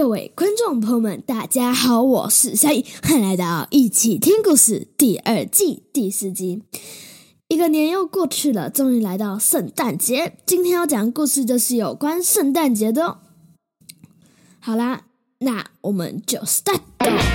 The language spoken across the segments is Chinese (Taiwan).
各位觀眾朋友們，大家好，我是小易，歡迎來到《一起聽故事》第二季第四集。一個年又過去了，終於來到聖誕節。今天要講的故事就是有關聖誕節的哦。好啦，那我們就 start。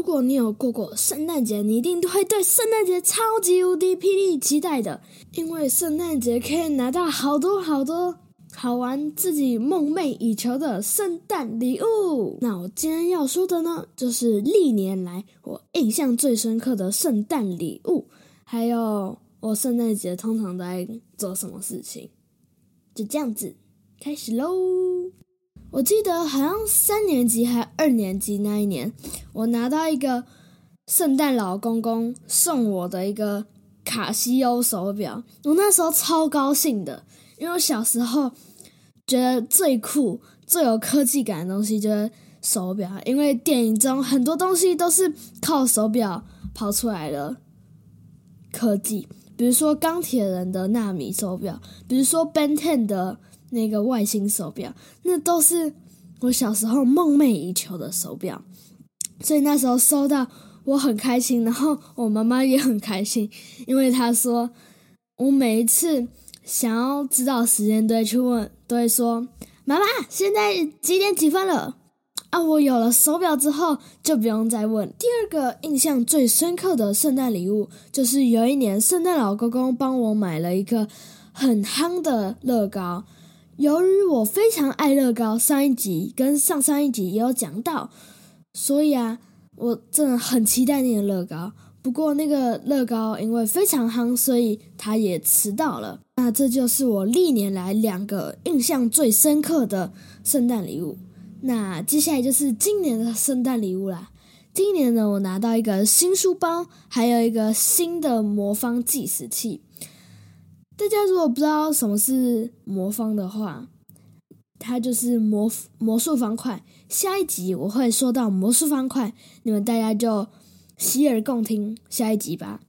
如果你有過過聖誕節，你一定會對聖誕節超級無敵霹靂期待的，因為聖誕節可以拿到好多好多好玩、自己夢寐以求的聖誕禮物。那我今天要說的呢，就是歷年來我印象最深刻的聖誕禮物，還有我聖誕節通常都在做什麼事情。就這樣子，開始嘍！我記得好像三年級還二年級那一年，我拿到一個聖誕老公公送我的一個卡西歐手錶，我那時候超高興的，因為我小時候覺得最酷、最有科技感的東西就是手錶，因為電影中很多東西都是靠手錶跑出來的科技，比如說鋼鐵人的納米手錶，比如說 Ben 10的。那個外星手錶，那都是我小時候夢寐以求的手錶，所以那時候收到我很開心，然後我媽媽也很開心，因為她說我每一次想要知道時間，都會去問，都會說媽媽現在幾點幾分了啊？我有了手錶之後就不用再問。第二個印象最深刻的聖誕禮物，就是有一年聖誕老公公幫我買了一個很夯的樂高。由於我非常愛樂高，上一集跟上上一集也有講到，所以啊，我真的很期待那個樂高。不過那個樂高因為非常夯，所以他也遲到了。那這就是我歷年來兩個印象最深刻的聖誕禮物。那接下來就是今年的聖誕禮物啦。今年呢，我拿到一個新書包，還有一個新的魔方計時器。大家如果不知道什麼是魔方的話，它就是魔魔術方塊。下一集我會說到魔術方塊，你們大家就洗耳恭聽下一集吧。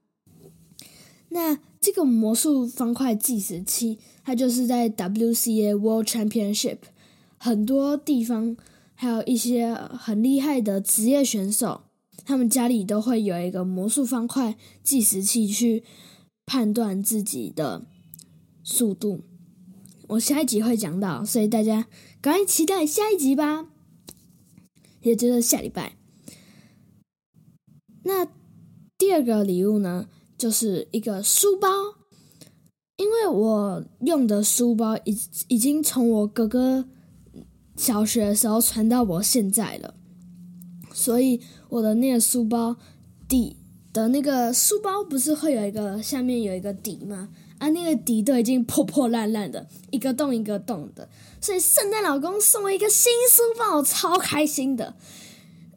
那這個魔術方塊計時器，它就是在 WCA World Championship 很多地方，還有一些很厲害的職業選手，他們家裡都會有一個魔術方塊計時器去判斷自己的速度，我下一集會講到，所以大家趕快期待下一集吧，也就是下禮拜。那第二個禮物呢，就是一個書包，因為我用的書包已已經從我哥哥小學的時候傳到我現在了，所以我的那個書包第。的那個書包不是會有一個下面有一個底嗎？啊，那個底都已經破破爛爛的，一個洞一個洞的。所以聖誕老公送我一個新書包，我超開心的。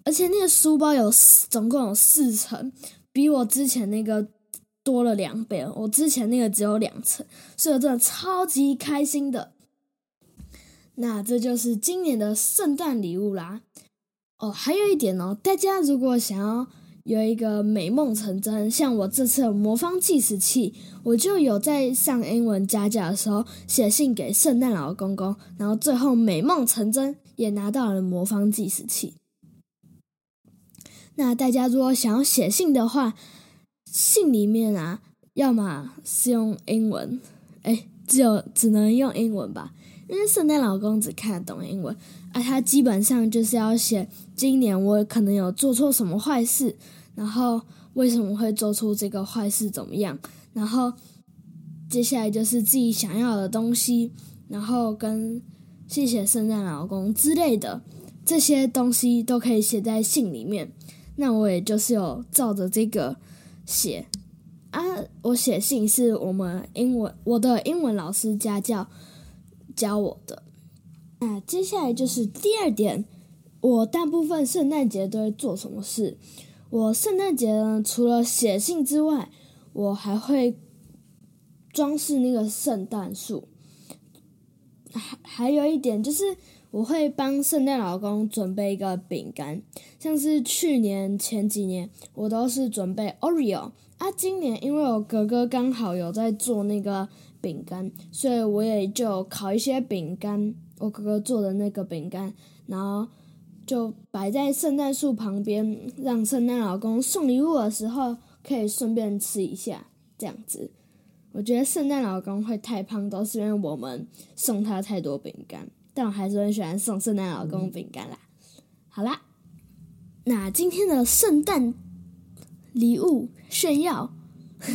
而且那個書包有總共有四層，比我之前那個多了兩倍了。我之前那個只有兩層，所以我真的超級開心的。那這就是今年的聖誕禮物啦。哦，還有一點哦，大家如果想要有一個美夢成真，像我這次的魔方計時器，我就有在上英文家教的時候寫信給聖誕老公公，然後最後美夢成真，也拿到了魔方計時器。那大家如果想要寫信的話，信裡面啊，要麼是用英文，誒只有只能用英文吧。因為聖誕老公只看得懂英文。啊，他基本上就是要寫今年我可能有做錯什麼壞事，然後為什麼會做出這個壞事怎麼樣，然後接下來就是自己想要的東西，然後跟謝謝聖誕老公之類的這些東西都可以寫在信裡面。那我也就是有照着這個寫啊，我寫信是我們英文我的英文老師家教，教我的，那、啊、接下來就是第二點，我大部分聖誕節都會做什麼事？我聖誕節呢，除了寫信之外，我還會裝飾那個聖誕樹。還、啊、還有一點就是，我會幫聖誕老公準備一個餅乾，像是去年前幾年，我都是準備 Oreo。啊，今年因為我哥哥剛好有在做那個餅乾，所以我也就烤一些餅乾，我哥哥做的那個餅乾，然後就擺在聖誕樹旁邊，讓聖誕老公送禮物的時候可以順便吃一下，這樣子。我覺得聖誕老公會太胖，都是因為我們送他太多餅乾，但我還是很喜歡送聖誕老公餅乾啦。嗯、好啦，那今天的聖誕。禮物炫耀呵呵，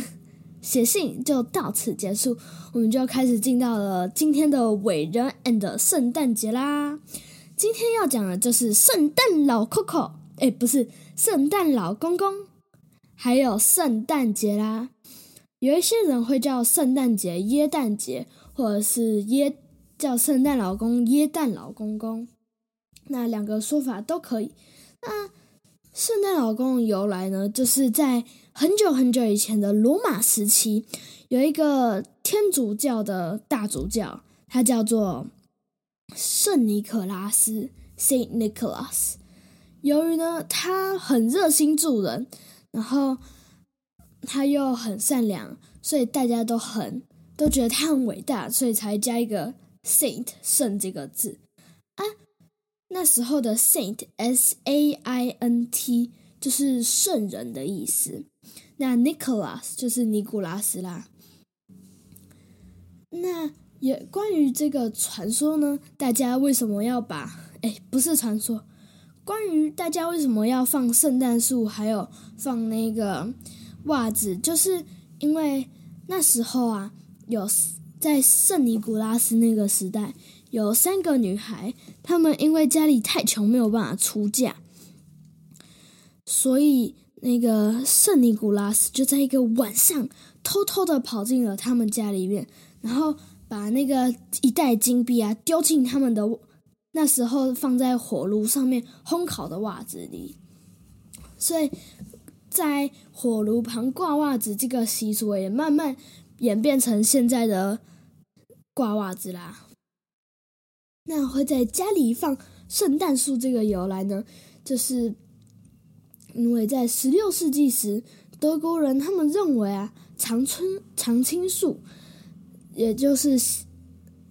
寫信就到此結束。我們就要開始進到了今天的偉人 and 聖誕節啦。今天要講的就是聖誕老 Coco，誒，不是聖誕老公公，還有聖誕節啦。有一些人會叫聖誕節耶誕節，或者是耶叫聖誕老公耶誕老公公，那兩個說法都可以。那。聖誕老公的由來呢，就是在很久很久以前的羅馬時期，有一個天主教的大主教，他叫做聖尼可拉斯 （Saint Nicholas）。由於呢，他很熱心助人，然後他又很善良，所以大家都很都覺得他很偉大，所以才加一個 “Saint” 聖這個字啊。那時候的 Saint S, aint, S A I N T 就是聖人的意思，那 Nicholas 就是尼古拉斯啦。那也關於這個傳說呢？大家為什麼要把？誒、欸、不是傳說，關於大家為什麼要放聖誕樹，還有放那個襪子，就是因為那時候啊，有在聖尼古拉斯那個時代。有三個女孩，她們因為家裡太窮，沒有辦法出嫁，所以那個聖尼古拉斯就在一個晚上偷偷的跑進了她們家裡面，然後把那個一袋金幣啊丟進她們的那時候放在火爐上面烘烤的襪子裡，所以在火爐旁掛襪子這個習俗也慢慢演變成現在的掛襪子啦。那會在家裡放聖誕樹這個由來呢，就是因為在十六世紀時，德國人他們認為啊，長春常青樹，也就是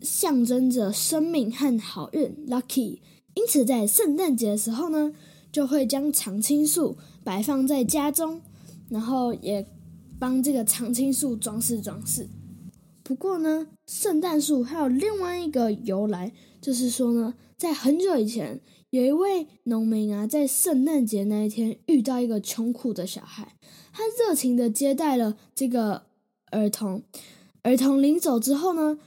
象徵着生命和好運 （lucky），因此在聖誕節的時候呢，就會將常青樹擺放在家中，然後也幫這個常青樹裝飾裝飾。不過呢，聖誕樹還有另外一個由來，就是說呢，在很久以前，有一位農民啊，在聖誕節那一天遇到一個窮苦的小孩，他熱情的接待了這個兒童。兒童臨走之後呢，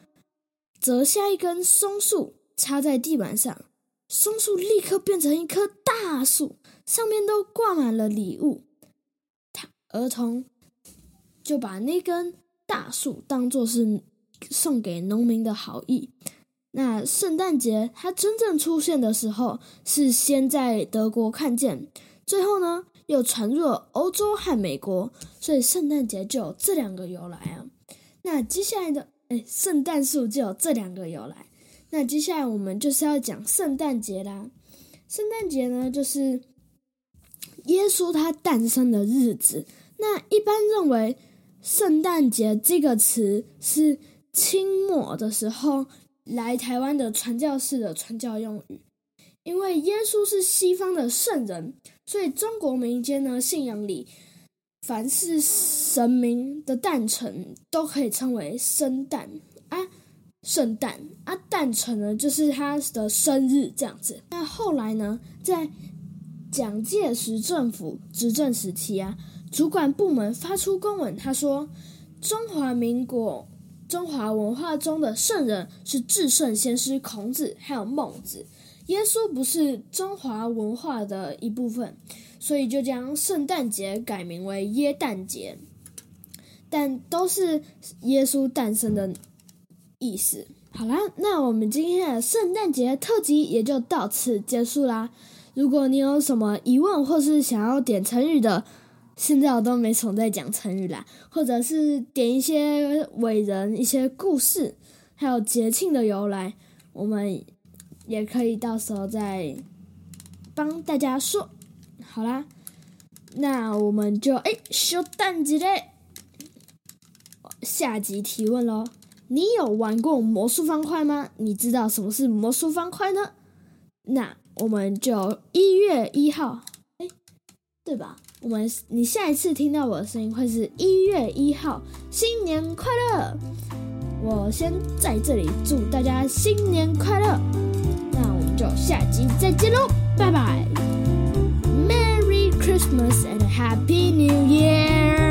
折下一根松樹插在地板上，松樹立刻變成一棵大樹，上面都掛滿了禮物。他兒童就把那根。大樹當做是送給農民的好意。那聖誕節它真正出現的時候，是先在德國看見，最後呢又傳入了歐洲和美國，所以聖誕節就有這兩個由來啊。那接下來的，誒，聖誕樹就有這兩個由來。那接下來我們就是要講聖誕節啦。聖誕節呢，就是耶穌他誕生的日子。那一般認為。聖誕節這個詞是清末的時候來台灣的傳教士的傳教用語，因為耶穌是西方的聖人，所以中國民間呢信仰裡，凡是神明的誕辰都可以稱為聖誕啊，聖誕啊誕辰、啊、呢就是他的生日這樣子。那後來呢，在蔣介石政府執政時期啊。主管部門發出公文，他說：“中華民國中華文化中的聖人是至聖先師孔子，還有孟子。耶穌不是中華文化的一部分，所以就將聖誕節改名為耶誕節。但都是耶穌誕生的意思。”好啦，那我們今天的聖誕節特輯也就到此結束啦。如果你有什麼疑問，或是想要點成語的。現在我都沒從再講成語啦，或者是點一些偉人、一些故事，還有節慶的由來，我們也可以到時候再幫大家說。好啦，那我們就，哎，休蛋節嘞。下集提問嘍。你有玩過魔術方塊嗎？你知道什麼是魔術方塊呢？那我們就一月一號，哎、欸，對吧？我們，你下一次聽到我的聲音會是一月一號，新年快樂！我先在這裡祝大家新年快樂，那我們就下集再見嘍，拜拜！Merry Christmas and Happy New Year！